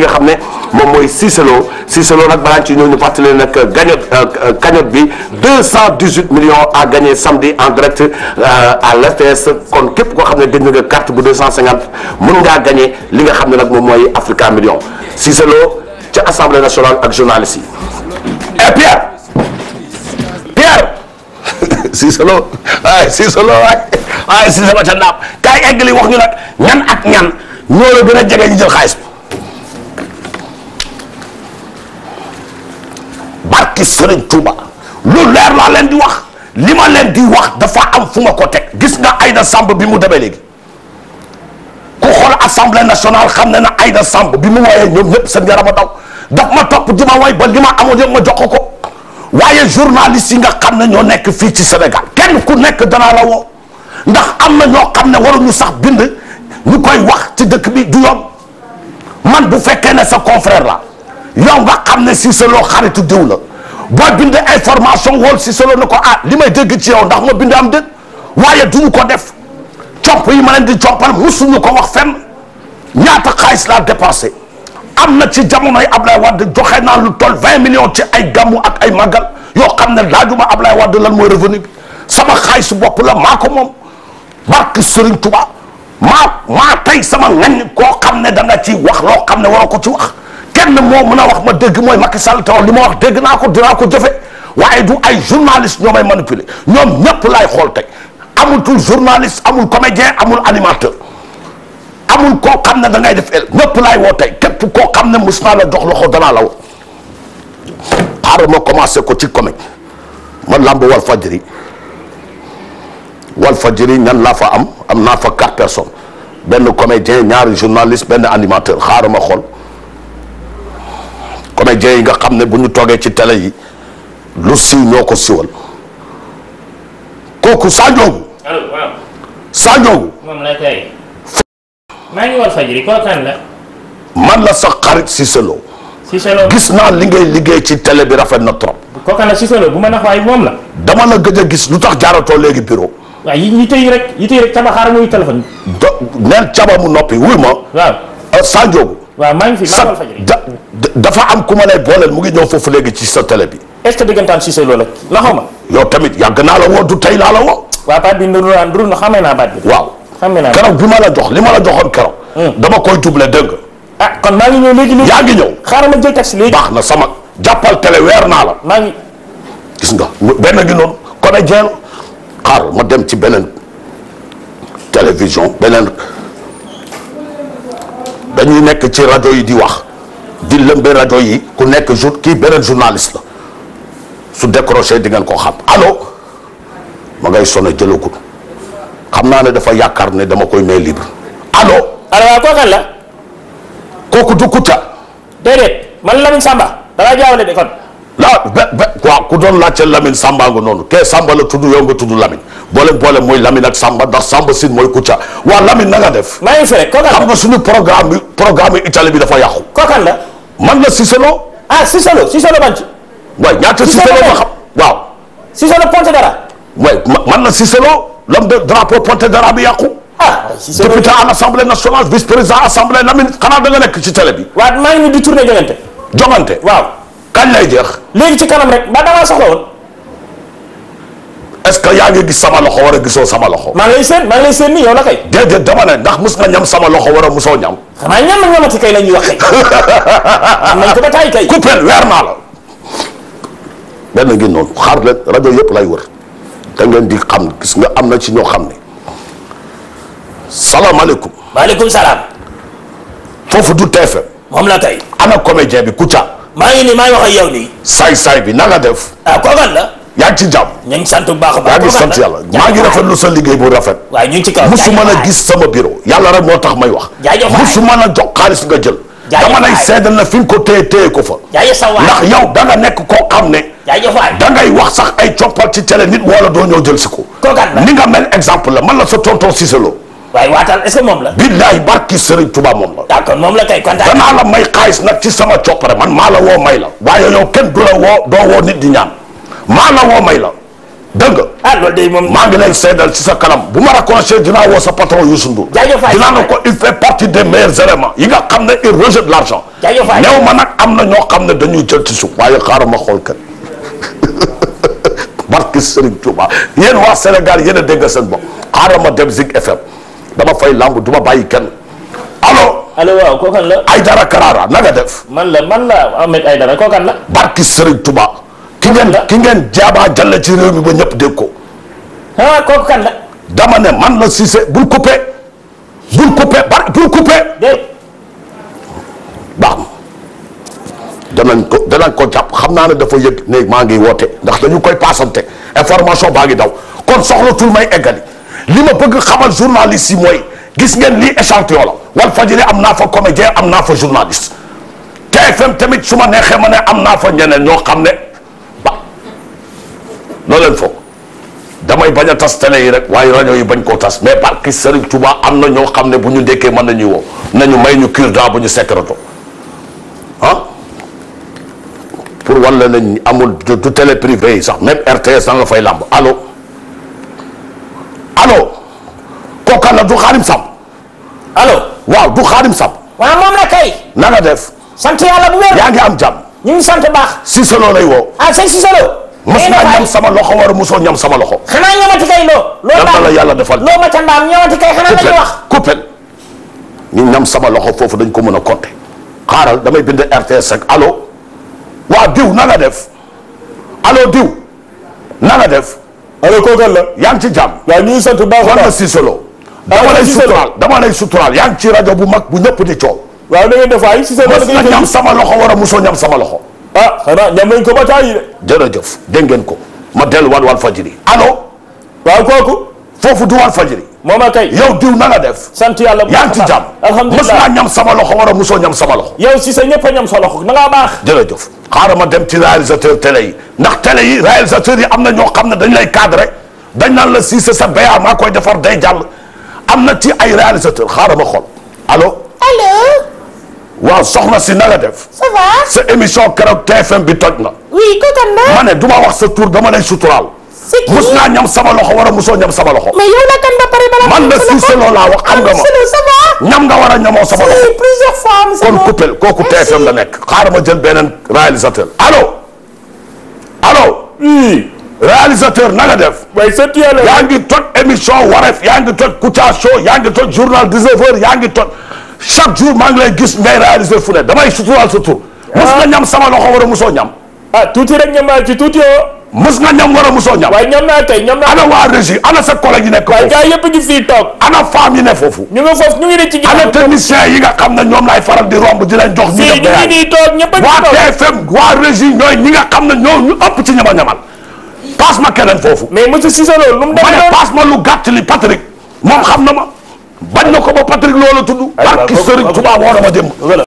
nga xam ne moom mooy Cissé Lo Cissé Lo nag balaa ci ñëw ñu fàttali leen nag cagnotte euh, cagnotte bi 218 millions à gagner samedi en direct euh, à l'STS kon képp koo xam ne gën nga carte bu 250 mën ngaa gagner li nga xam ne nag moom mooy Africa Million Cissé Lo ca assemblée nationale ak journaliste yi. et eh, Pierre Pierre Cissé Lo waaye Cissé Lo waay waaye Cissé Lo ca naam kaay eggali wax ñu nag ñan ak ñan ñoo la gën a jege ñu jël xaalis bi. barki Serigne Touba lu leer laa leen di wax li ma leen di wax dafa am fu ma ko teg gis nga Aïda Samb bi mu demee léegi ku xool assemblée nationale xam ne na Aïda Samb bi mu wooyee ñoom ñëpp seen yaram a daw daf ma topp di ma way ba li ma amoon yëpp ma jox ko waaye journaliste yi nga xam ne ñoo nekk fii ci Sénégal kenn ku nekk danaa la woo ndax am na ñoo xam ne waruñu sax bind ñu koy wax ci dëkk bi du yoon man bu fekkee ne sa confrère la yow nga xam ne si sa loo xaritu diw la boo bindee information wol si solo na ko ah li may dégg ci yow ndax ma bind am dëgg waaye duñu ko def comp yi ma leen di compal musuñu ko wax fenn ñaata xaalis laa dépensé am na ci jamonoy Ablaye Wade joxe naa lu tol vingt millions ci ay gàmmu ak ay màggal yoo xam ne laajuma Ablaye Wade lan mooy revenu bi sama xaalisu bopp la maa ko moom barke Serigne Touba maa maa tey sama ngañ ko xam ne da nga ci wax loo xam ne waroo ko ci wax kenn moo mën a wax ma dégg mooy Macky Sall te li ma wax dégg naa ko dinaa ko jëfe waaye du ay journaliste ñoo may manipuler ñoom ñëpp laay xool tey amul tul journaliste amul comédien amul animateur amul koo xam ne da ngay def el ñëpp laay woo tey képp koo xam ne mos naa la jox loxo danaa la woo xaaral ma commencé ko ci comédie ma làmb wal fajiri wal fajiri ñan laa fa am am naa fa quatre personnes benn comédien ñaari journaliste benn animateur xaaral ma xool comédiens yi nga xam ne bu ñu toogee ci tele yi lu siiw ñoo ko siwal kooku Sa Ndiogou. allo waaw. Sa ngi war fajri koo kan la. man la sa xarit Cissé Lo. Cissé Lo gis naa li liggéey ci télé bi rafet na trop. koo kan la Cissé Lo bu ma nax moom la. dama la gëj a gis lu tax jaaratoo léegi bureau. waaw yi yi tey rek yi tey rek caba xaaral ma wuy téléphone. do caba mu noppi wuy ma. waaw euh, Sa waaw maa ngi fi maa ngi dafa am ku ma lay booleel mu ngi ñëw foofu léegi ci sa télé bi. est ce que diggantaan Cissé loola la xaw ma. yow tamit yàgg naa la woo du tey laa la woo. baat bi nduru naa nduru na xamee naa baat bi. waaw xamee naa keroog bi ma la jox li ma la joxoon kero hmm. dama koy doublé dégg ah kon maa ngi ñëw léegi léegi yaa ngi ñëw. xaaral ma jël baax na sama jàppal télé weer maa ngi nga benn gi noonu kon a jeel xaaral ma dem ci beneen télévision beneen dañuy nekk ci rajo yi di wax di lëmbe rajo yi ku nekk jour kii beneen journaliste la su décroché di ngeen ko xam moo ma ngay jël jëlagul xam naa ne dafa yaakaar ne dama koy may libre allo. allo waaw kooku kan la. kooku du Kouta. déedéet man la Samba da laa jaawale de kon. la waaw ku doon laajte Lamine Samba nga noonu kee Samba la tudd yow nga tudd Lamine boole boole mooy Lamine ak Samba ndax Samba Sine mooy Kouthia waaw Lamine na nga def. maa ngi fi rek kooku xam dafa yàqu. kooku la. man la Cissé Lo. ah Cissé Lo Cissé Lo ban ci. waay ñaata Cissé Lo ma xam waaw. Cissé Lo Pontedera. waay man la Cissé Lo lam de drapeau Pontedera bi yàqu. ah Cissé Lo député à l' assemblée nationale vice président assemblée Lamine xanaa da nga nekk ci télé bi. waaw maa ngi nii di tourné joŋante. joŋante waaw. kañ lay jeex. léegi ci kanam rek ba damaa soxla woon. est ce que yaa ngi gis sama loxo war a gisoo sama loxo. maa ngi lay seen maa ngi lay seen ni yow la kay. déedéet dama ne ndax mus nga ñam sama loxo war a musoo ñam. xanaa ñam ak ñamati kay la ñuy wax kay. am nañ ko ba taay kay. coupeel weer naa la. benn ngi noonu xaar leen rajo yëpp lay wër da ngeen di xam gis nga am na ci ñoo xam ne salaamaaleykum. maaleykum salaam. foofu du TFM. moom la kay. ana comédien bi Kouthia. maa ngi nii maa ngi yow nii. saay saay bi na nga def. ah kookan la. yaa ci jàmm. ñu ngi sant bu baax a sant yàlla maa ngi sa liggéey bu rafet. waaw ñu ngi ci kaw musu mën gis sama biro yalla rek moo tax may wax. jaajëf waay musu mën a jox xaalis nga jël. dama lay seedal na fi nga ko téye téye ko fa. ndax yow da nga nekk koo xam ne. da ngay wax sax ay coppal ci télé nit wala doo ñëw jël si ko. ni nga mel exemple la man la sa tonton Cissé Lo waaye waatal est la. billaay barki Serigne Touba moom la. d'accord moom la kay kontaan. danaa la may xaalis nag ci sama coppare man maa la woo may la. waaye yow kenn du la woo doo woo nit di ñaan maa woo may la dégg nga. ah loolu de moom. maa ci sa kanam bu ma raccroché dinaa woo sa patron Youssou Ndour. jaajëf waay ko il partie des meilleurs éléments yi nga xam ne il rejette l'argent. jaajëf waay néew ma nag am na ñoo xam ne dañuy jël ci suk waaye xaaral ma xool kenn barki Serigne Touba yéen waa senegal yéen a dégg seen bopp xaaral ma dem Zik FM. dama fay lamb duma bàyyi kenn allo. allo waaw kookan la. def. man la man la Ahmed Aydara kookan la. barki Serigne Touba. ki ngeen ki ngeen jaabaa jàll ci réew mi ba ñëpp dég ko. dama ne man la Cissé bul coupé. bul coupé bar danañ ko danañ ko jàpp xam naa ne dafa yëg maa ngi woote ndax dañu koy paasante formation baa ngi daw kon soxlatul may eggali. li ma bëgg xamal journaliste yi mooy gis ngeen lii échantillon la Walf Fadjri am naa fa comédien am naa fa te fem tamit su ma neexee ma ne am naa fa ñeneen ñoo xam ne ba loolu leen foog damay bañ a tas télé yi rek waaye rajo yi bañ koo tas mais barki Serigne Touba am na ñoo xam ne bu ñu dékkee mën nañuy woo nañu may ñu cure daa bu ñu secréto ah pour wan nañ ne amul du télé privé sax même RTS da nga fay làmb allo kooka la du xaarim sàmm. allo waaw du xaarim sàmm. waaw moom la kay. na nga def. sant yàlla bu wér. yaa ngi am jàmm. ñu ngi sant baax. Cissé Lo lay woo. ah sëñ Cissé Lo. mos nga ñam sama loxo war a mosoo ñam sama loxo. xanaa ñamati kay loo. loo ma la yàlla defal loo ma ca mbaam ñamati kay xanaa la ñuy wax. coupel ñu ñam sama loxo foofu dañ ko mën a compter. xaaral damay bind RTS rek allo. waa diw na nga def. allo diw na nga def. alors kooku la. yaa ngi ci jàmm. waaw ñu ngi sant baax a baax si solo. Ah, dama lay suturaal dama lay suturaal yaa ci rajo bu mag bu ñëpp di coow. waaw da ngeen def ay si seen. na ñam sama loxo war a musoo ñam sama loxo. ah xanaa ñam nañ ko ba taay yi de. jërëjëf dégg ngeen ko ma delluwaat Walfadjri allo. waaw kooku. foofu du Walfadjri mooma kay yow diw na nga def. sant yàlla bu baax yaa ngi ci ñam sama loxo war a mosoo ñam sama loxo. yow si sa ñëpp a ñam sa loxo na ngaa baax. jërëjëf xaaral ma dem ci réalisateur télé yi ndax télé yi réalisateur yi am na ñoo xam ne dañ lay cadré dañ naan la si sa béyaa maa koy defar day jàll am na ci ay réalisateur xaara ma xool allo. allo. waaw soxna si na nga def. ça va. sa émission keroog TFM bi toj na. oui kooku du ma wax sa tur dama lay suturaal. mus naa ñam sama loxo war a musoo ñam sama loxo. mais yow la kan man de Cissé nga ma ñam nga war a ñamoo sama loxo. plusieurs fois kon coupel kooku TFM la nekk. xaaral ma jël beneen alo alo allo. réalisateur na nga def. waaye sa tuyale yaa ngi toj émission wareef yaa ngi toj Kouthia Show yaa ngi toj journal 19h yaa ngi toj chaque jour maa ngi lay gis ngay réaliser fu ne damay suturaal sa tur. Ah. sama loxo war a musoo ñam. ah tuuti rek ñam mus nga ñam war a ñam. ana waa régie ana sa collègue yi nekk foofu. ana femme yi ne foofu. ana technicien yi nga xam ne ñoom laay faral di romb di leen jox. ñu def toog ñëpp a waa TFM waa régie ñooy ñi nga xam ne ñoom ñu ci ñama ñamal. paas keneen foofu. ma ne paas ma lu gàtt li Patrick moom xam na ma bañ na ko ba Patrick loolu tudd. barki Sëriñ Tuubaa woo na ma